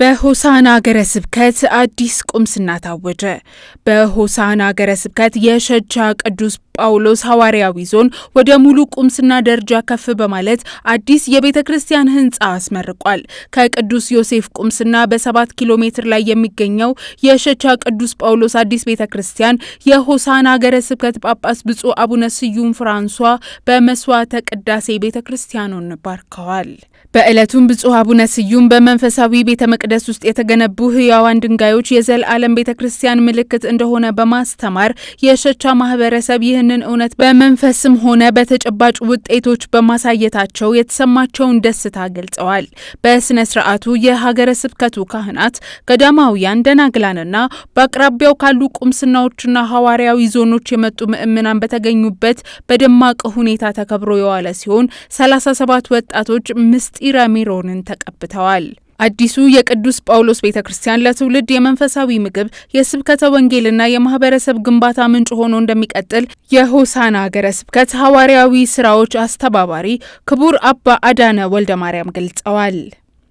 በሆሳና ሀገረ ስብከት አዲስ ቁምስና ታወጀ። በሆሳና ሀገረ ስብከት የሸቻ ቅዱስ ጳውሎስ ሐዋርያዊ ዞን ወደ ሙሉ ቁምስና ደረጃ ከፍ በማለት አዲስ የቤተ ክርስቲያን ህንፃ አስመርቋል። ከቅዱስ ዮሴፍ ቁምስና በሰባት ኪሎ ሜትር ላይ የሚገኘው የሸቻ ቅዱስ ጳውሎስ አዲስ ቤተ ክርስቲያን የሆሳና ሀገረ ስብከት ጳጳስ ብፁዕ አቡነ ስዩም ፍራንሷ በመስዋዕተ ቅዳሴ ቤተ ክርስቲያኑን ባርከዋል። በዕለቱም ብፁዕ አቡነ ስዩም በመንፈሳዊ ቤተ መቅደስ ውስጥ የተገነቡ ህያዋን ድንጋዮች የዘላለም ቤተ ክርስቲያን ምልክት እንደሆነ በማስተማር የሸቻ ማህበረሰብ ይህን ይህንን እውነት በመንፈስም ሆነ በተጨባጭ ውጤቶች በማሳየታቸው የተሰማቸውን ደስታ ገልጸዋል። በስነ ስርዓቱ የሀገረ ስብከቱ ካህናት፣ ገዳማውያን፣ ደናግላንና በአቅራቢያው ካሉ ቁምስናዎችና ሐዋርያዊ ዞኖች የመጡ ምእምናን በተገኙበት በደማቅ ሁኔታ ተከብሮ የዋለ ሲሆን ሰባት ወጣቶች ምስጢረ ሜሮንን ተቀብተዋል። አዲሱ የቅዱስ ጳውሎስ ቤተ ክርስቲያን ለትውልድ የመንፈሳዊ ምግብ፣ የስብከተ ወንጌልና የማህበረሰብ ግንባታ ምንጭ ሆኖ እንደሚቀጥል የሆሳና ሀገረ ስብከት ሐዋርያዊ ስራዎች አስተባባሪ ክቡር አባ አዳነ ወልደ ማርያም ገልጸዋል።